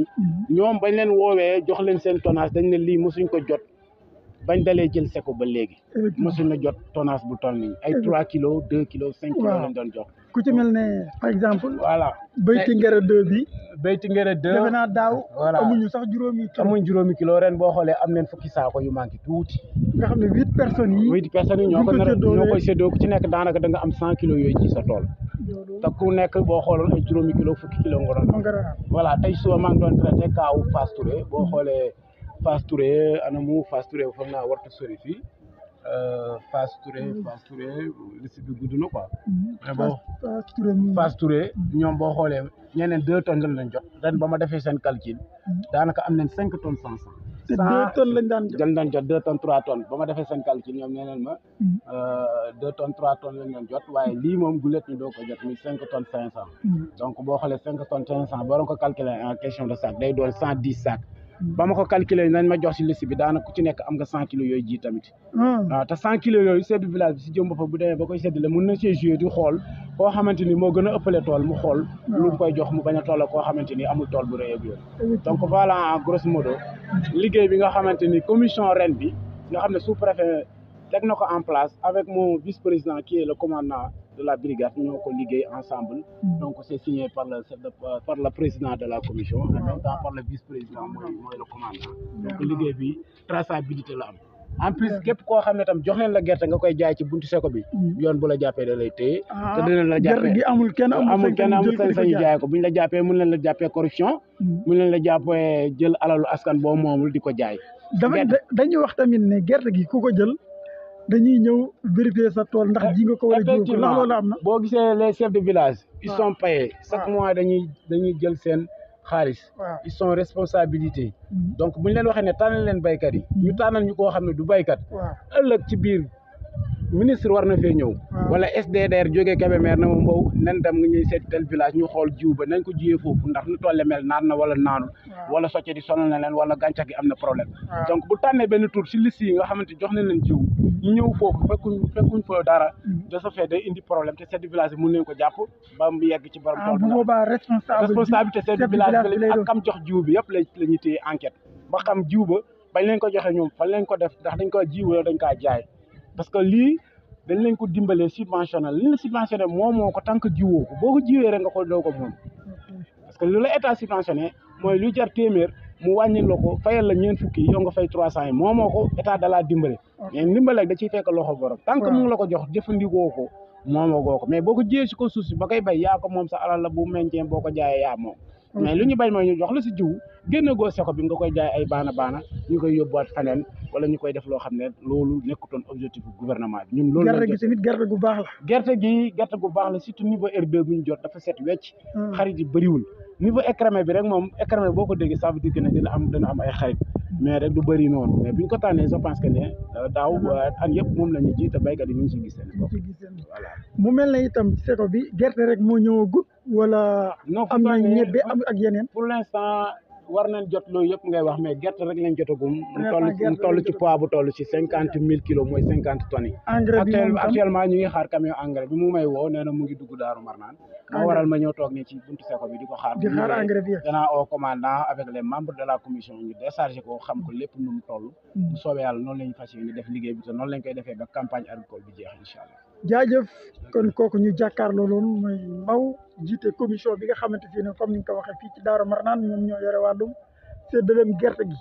Mm-hmm. ñoom bañ leen woowee jox leen seen tonnage dañ ne lii mosuñ ko jot bañ dalee jël seko ba léegi. mosuñ na jot tonnage bu tol nii ay trois kilos deux kilo cinq kilos lañ doon jox. ku ci mel ne par exemple. voilà béyti ngere deux bi. béyti ngere deux defe naa daaw. voilà amuñu sax juróomi kilo amuñ juróomi kilo ren am nañ fukki saako yu manqué tuuti. nga xam ne huit personnes yi. ci nekk daanaka da nga am cent kilos yooyu ci sa tool. te ku nekk boo xool ay juróomi kilo fukki kilo nga doon voilà tey suba maa ngi doon traité kaawu Fass Touré boo xoolee Fass Touré anamu Fass Touré foog naa warta sori fii euh, Fass Touré mm. Fass Touré liste bi gudd na quoi. mais boo Touré ñoom boo xoolee ñeneen deux tonnes lañ leen jot ren ba ma defee seen calcul mm. daanaka am nañ cinq tonnes cinq cent te deux tonnes lañ daan jot dañ daan jot deux tonnes trois tonnes ba ma defee seen calcul ñoom nee nañ hmm. euh, deux tonnes trois tonnes lañ doon jot waaye lii moom gulet ñu doo ko jot muy cinq tonnes cinq cent. Hmm. donc boo xoolee cinq tonnes cinq cent boo doon ko calculer en question de sac day doon cent dix sacs. ba ma ko calculer nañ ma jox si liste bi daanaka ku ci nekk am nga cent kilo yooyu ji tamit. Hmm. waaw te cent kilos yooyu chef du bi si jëm boppam bu demee ba koy séddale mun na see joué di xool koo xamante ni moo gën a ëppale tool mu xool. Hmm. lu koy jox mu bañ a toll koo xamante ni amul tool bu rëy ak yooyu. donc voilà en modo liggéey bi nga xamante ni commission ren bi nga xam ne sous préfet teg na ko en place avec mon vice président ki est le commandant. de la brigade ñoo ko liggéey ensemble mm. donc c' signé par le président de la commission en par le vice président mooy mooy le commandant donc mm. liggéey bi traçabilité la am en plus képp koo xam ne tam jox leen la gerte nga koy jaay ci buntu seko bi mm. yoon bu la jàppee da lay téye ah, te dinañ la jàppee amul kenn amul sañu jaay ko bu la jàppee mun leen la jàppee corruption mun leen la jàppee jël alalu askan boo moomul di ko jaay dañuy wax ne gerte gi ku ko dañuy ñëw vérifier sa tool ndax ji nga ko war a ji ndax loolu am na boo gisee les chefs de village ils sont payés chaque mois dañuy dañuy jël seen xaalis ils son responsabilité mhm. donc bu ñu leen waxee ne tànnal leen béykat yi ñu mhm. tànnal ñu koo xam ne du béykat ëllëg ci biir ministre war na fee ñëw wala SDDR jógee Kébémer na ma mbow nan dem nga ñuy seet tel village ñu xool jiw ba nañ ko jiyee foofu ndax nu tolle mel naan na wala naanul wala socce di sonal na leen wala gàncax gi am na problème donc bu tànnee benn tour si liste yi nga xamante jox nañ leen jiw ñu ñëw foofu fekkuñ fekkuñ fa dara mm. de ce indi problème te chef village mun mën nañ ko jàpp ba mu yegg ci borom tool ah, responsabilité chef de village bi ak jox jiw bi yëpp la la ñuy téye enquête ba xam jiw ba bañ leen ko joxe ñoom fan leen ko def ndax dañ ko jiw dañ kaa jaay dañ lañ ko dimbalee subventionnel li ñu la subventionné moom moo ko tant que jiwoo boo ko jiwee rek nga ko doo ko moom parce que lu la état subventionné mooy lu jar téeméer mu wàññi la ko fayal la ñeent fukki yow nga fay trois cent yi moo moo ko état dalaa dimbale mais dimbale da ciy fekk loxo borom tant que mu la ko jox jëfandikoo ko moomoo goo ko mais boo ko jiyee si ko suuf ba koy bay yaa ko moom sa alal la bu meññee boo ko jaayee yaa moom mais mm-hmm. li ñu bañ mooy ñu jox la si jiw génne goo seko bi nga koy jaay ay baana baana ñu koy yóbbuwaat faneen wala ñu koy def loo xam ne loolu nekkutoon objectif bu gouvernement bi ñun loolu gi R2 bu ñu jot dafa set wecc mm. xarit yi bëriwul niveau écrémé bi rek moom écrémé boo ko déggee sa veut dire que ne dina am dina am ay mais rek noonu mais bu ñu ko tànnee je pense que ne euh, daaw mm-hmm. euh, an yëpp moom la ñu ji te béykat yi ñu ngi si gis seen bopp voilà mu mel na itam seko bi gerte rek moo ñëwagul wala am na ñebe am ak yeneen pour l'instant war nañ jot loolu yëpp ngay wax mais gerte rek lañ jotagum mu toll ci poids bu toll ci cinquante mille kilo mooy cinquante tonnes yi actuellement ñu ngi xaar camion engrais bi mu may woo nee mu ngi dugg daaru marnaan moo waral ma ñëw toog nii ci buntu seko bi di ko xaar di xaar engrais bi danaa au commandant avec les membres de la commission ñu déchargé ko xam ko lépp nu mu toll bu mm. soobee yàlla noonu lañ fas def liggéey bi te noonu lañ koy defee ba jaajëf kon kooku ñu jàkkaarloo loon mooy Mbaw jiite commission bi nga xamante fii ne comme ni nga ko waxee fii ci Daaru Marnaan ñoom ñoo yore wàllum séddaleem gerte gi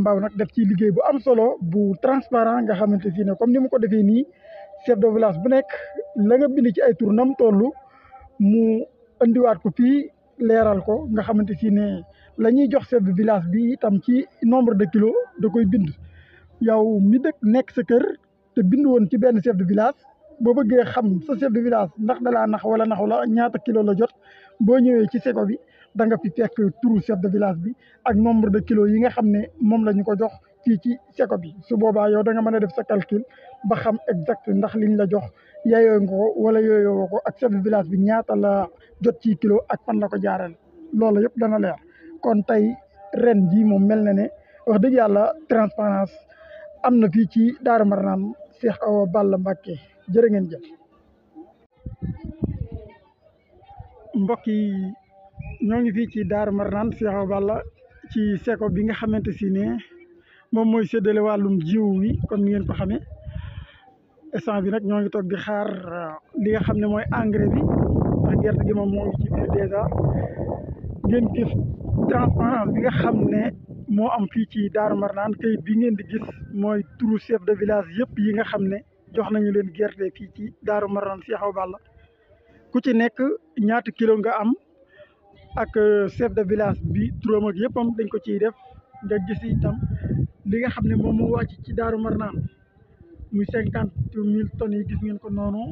Mbaw nag def ci liggéey bu am solo bu transparent nga xamante fii ne comme ni mu ko defee nii chef de village bu nekk la nga bind ci ay tur nam toll mu andiwaat ko fii leeral ko nga xamante fii ne la ñuy jox chef de village bi itam ci nombre de kilo da koy bind yow mi dëkk nekk sa kër te bind woon ci benn chef de boo bëggee xam sa chef de village ndax dalaa nax wala naxu la ñaata kilo la jot boo ñëwee ci seko bi da nga fi fekk turu chef de village bi ak nombre de kilo yi nga xam ne moom la ñu ko jox fii ci seko bi su boobaa yow da nga mën a def sa calcul ba xam exact ndax liñ la jox yaayoo nga ko wala yooyoo ko ak chef de village bi ñaata la jot ci kilo ak fan la ko jaarale loolu yëpp dana leer kon tey ren jii moom mel na ne wax dëgg yàlla transparence am na fii ci Daara Marnaan Cheikh Awa Balla Mbacké jërë ngeen jëf mbokk yi ñoo ngi fii ci daar Marnaan Seexu Balla ci seko bi nga xamante si ne moom mooy séddale wàllum jiw wi comme ni ngeen ko xamee instant bi nag ñoo ngi toog di xaar uh, li nga xam ne mooy engrais bi ndax gerte gi moom moo ngi ci ngeen gis transparence bi nga moo am fii ci Daaru Marnaan kayit bi ngeen di gis mooy turu chef de village yëpp yi nga xam ne jox nañu leen gerte fii ci Daaru Marnaan Cheikh Awa Balla ku ci nekk ñaata kilo nga am ak euh, chef de village bi turam ak yëppam dañ ko ciy def nga gis itam li nga xam ne moom moo wàcc ci Daaru Marnaan muy cinquante mille tonnes yi gis ngeen ko noonu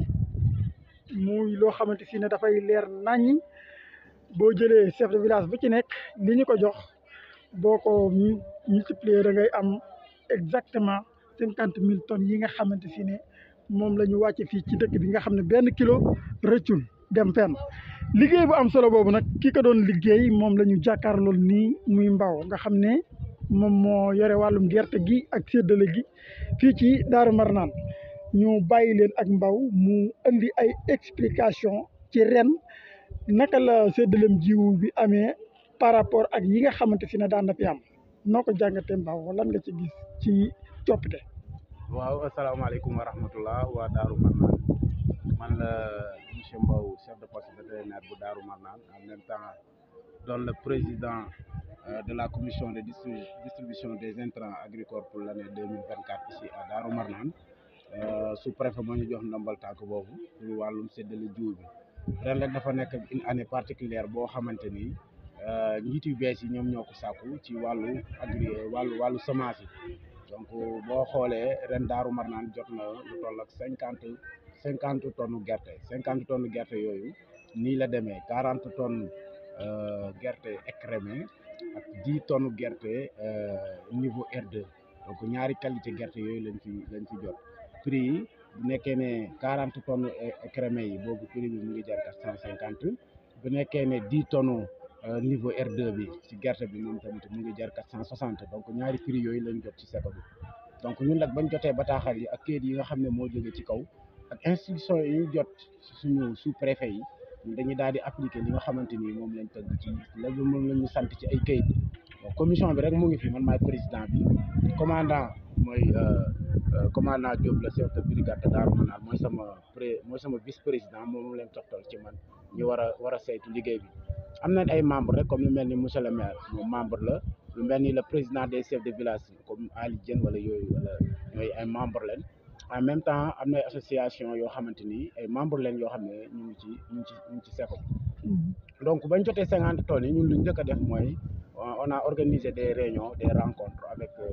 muy loo xamante si ne dafay leer naññ boo jëlee chef de village bu ci nekk li ñu ko jox boo ko multiplier da ngay am exactement cinquante mille tonnes yi nga xamante si ne moom la ñu wàcce fii ci dëkk bi nga xam ne benn kilo rëccul dem fenn liggéey bu am solo boobu nag ki ko doon liggéey moom la ñu jàkkaarlool nii muy mbaaw nga xam ne moom moo yore wàllum gerte gi ak séddale gi fii ci Daaru Marnaan ñu bàyyi leen ak mbaaw mu indi ay explication ci ren naka la séddalem jiwu bi amee par rapport ak yi nga xamante si ne daan na am noo jàngate jàngatee mbaaw lan nga ci gis ci coppite. waaw asalaamaaleykum wa rahmatullah waa daaru Marnane man la monsieur mbaw chef de poste vétérinaire bu daaru Marnane am même temps doon le président euh, de la commission de distribution des intrants agricoles pour l' année deux mille vingt quatre ici à Darou Marnane euh, sous préfet moo ñu jox ndombal tànk boobu pour wàllum séddale jiw bi ren rek dafa nekk une année particulière boo xamante ni euh, njiit yu bees yi ñoom ñoo ko sàkku ci wàllu agri wàllu wàllu semence yi. donc boo xoolee ren Daaru Marnaan jot na lu toll ak cinquante cinquante tonnes gerte cinquante tonnes gerte yooyu nii la demee quarante tonnes euh, gerte écrémé ak dix tonnes gerte euh, niveau R2 donc ñaari qualité gerte yooyu lañ ci lañ ci jot prix yi bu nekkee ne quarante tonnes euh, écrémé yi boobu prix bi mu ngi jar quatre cent cinquante bu nekkee ne dix tonnes Euh, niveau r bi ci gerte bi moom tamit mu ngi jar quatre cent soixante donc ñaari prix yooyu lañ jot ci seko bi donc ñun nag bañ jotee bataaxal yi ak kayit yi nga xam ne moo jóge ci kaw ak instruction yi ñu jot suñu su préfet yi dañuy daal di appliquer li nga xamante ni moom lañ tëgg ci loolu moom la ñu sant ci ay kayit commission bi rek mu ngi fi man maay président bi commandant mooy euh, euh, commandant Diop la chef de brigade mooy sama pré mooy sama vice président moom leen toftal ci man ñu war a war a saytu liggéey bi am nañ ay membre rek comme lu mel ni monsieur le maire moom membre la lu mel ni le président des chefs de village comme Ali Dieng wala yooyu wala ñooyu ay membres lañ en même temps am na association yoo xamante ni ay membres lañ yoo xam ne ñu ngi ci ñu ci ñu ci SECO mm-hmm. donc bañ jotee cinquante tonnes yi ñun lu ñu njëkk a def mooy on a organisé des réunions des rencontres avec euh,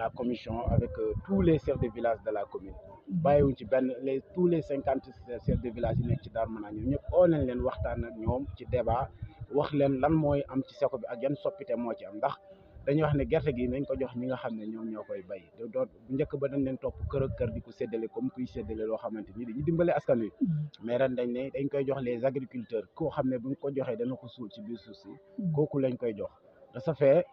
la commission avec euh, tous les chefs de village de la commune mm-hmm. bàyyiwuñ ci benn les tous les cinquante chefs de village yi nekk ci Darmanin ñoom ñëpp oo nañ leen waxtaan ak ñoom ci débat wax leen lan mooy am ci seko bi ak yan soppite moo ci am ndax dañuy wax ne gerte gi nañ ko jox ñi nga xam ne ñoom ñoo koy bay te doot njëkk ba dañ leen topp kër kër di ko séddale comme kuy séddale loo xamante ni dañuy dimbale askan wi mm-hmm. mais ren dañ ne dañ koy jox les agriculteurs koo xam ne bu ñu ko joxee dana ko suul ci biir suuf si mm-hmm. kooku lañ koy jox de ce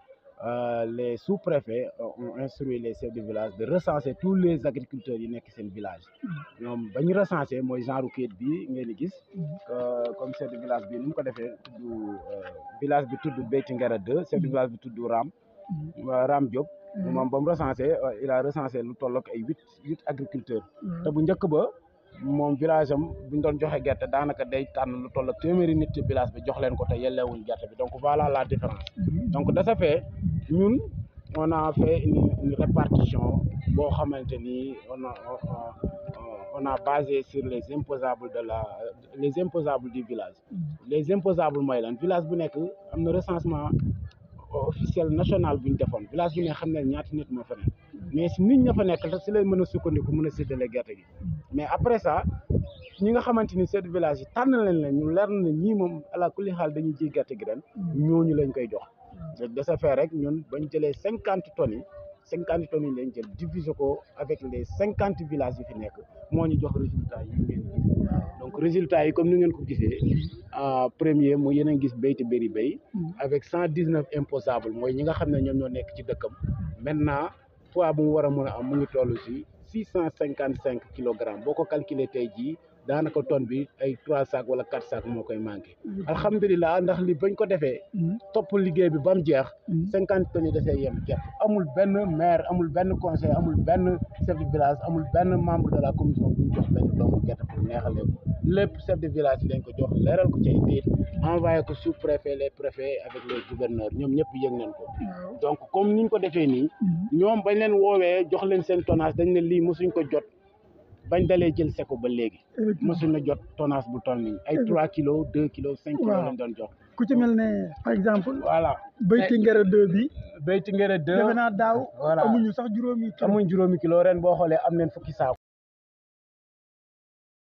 Euh, les sous-préfets ont instruit les chefs de village de recenser tous les agriculteurs yi nekk seen village ñoom ba ñu recenser mooy genre kayit bi ngeen di gis comme chef de village bi ni mu ko defee tudd euh, village bi tudd Beyti Ngara de chef de village bi tudd Ram Ram Diop moom ba mu recenser euh, il a recensé lu tollook ay huit huit agriculteurs te bu njëkk ba moom village am bu ñu doon joxe gerte daanaka day tànn lu toll ak nit village bi jox leen ko te yelleewuñ gerte bi donc voilà la ñun on a fait une, une répartition boo xamante ni on a on a sur les imposables de la les imposables du village mm-hmm. les imposables mooy lan village bu nekk am na recensement officiel national bu ñu defoon village bu ne xam ne ñaati nit moo fa mais si nit ña fa nekk si lay mën a sukkandiku mën a séddale gerte gi mm-hmm. mais après ça ñi nga xamante ni set village yi tànn leen la ñu leer na ñii moom ala kulli dañu dañuy ji gerte gi ren mm-hmm. ñooñu lañ koy jox de ce fait rek ñun bañ jëlee cinquante tonnes yi cinquante tonnes yi lañ jël diviser ko avec les cinquante villages yi fi nekk moo ñu jox résultat yi donc résultat yi comme ni ngeen ko gisee euh, premier mu yéen a gis béy te bëri béy avec cent dix neuf imposable mooy ñi nga xam ne ñoom ñoo nekk ci dëkkam maintenant poids bu war a mun a am mu ngi toll si six cent cinquante cinq kilogrammes boo ko calculer tey jii daanaka tonne bi ay trois sacs wala quatre sacs moo koy manqué. Mm-hmm. alhamdulilah ndax li bañ ko defee. Mm-hmm. topp liggéey bi ba mu jeex. Mm-hmm. cinquante tonnes yi dafay yem jeex amul benn maire amul benn conseil amul benn chef de village amul benn membre de la commission bu ñu jox benn doomu gerte pour neexalee de village yi ko jox leeral ko ci ay biir ko sous préfet les préfets avec ñoom ñëpp yëg nañ ko. donc comme niñ ko defee nii. ñoom bañ leen woowee jox leen seen tonnage dañ ne lii mosuñ ko jot. bañ dalee jël seko ba léegi mosuñ na jot tonnage bu toll nii ay trois kilo deux kilo cinq kilos lañ doon jox ku ci mel ne par exemple voilà béyti ngere deux bi béyti ngere deux defe naa daaw amuñu sax juróomi kilo amuñ juróomi kilo ren boo xoolee am neen fukki saako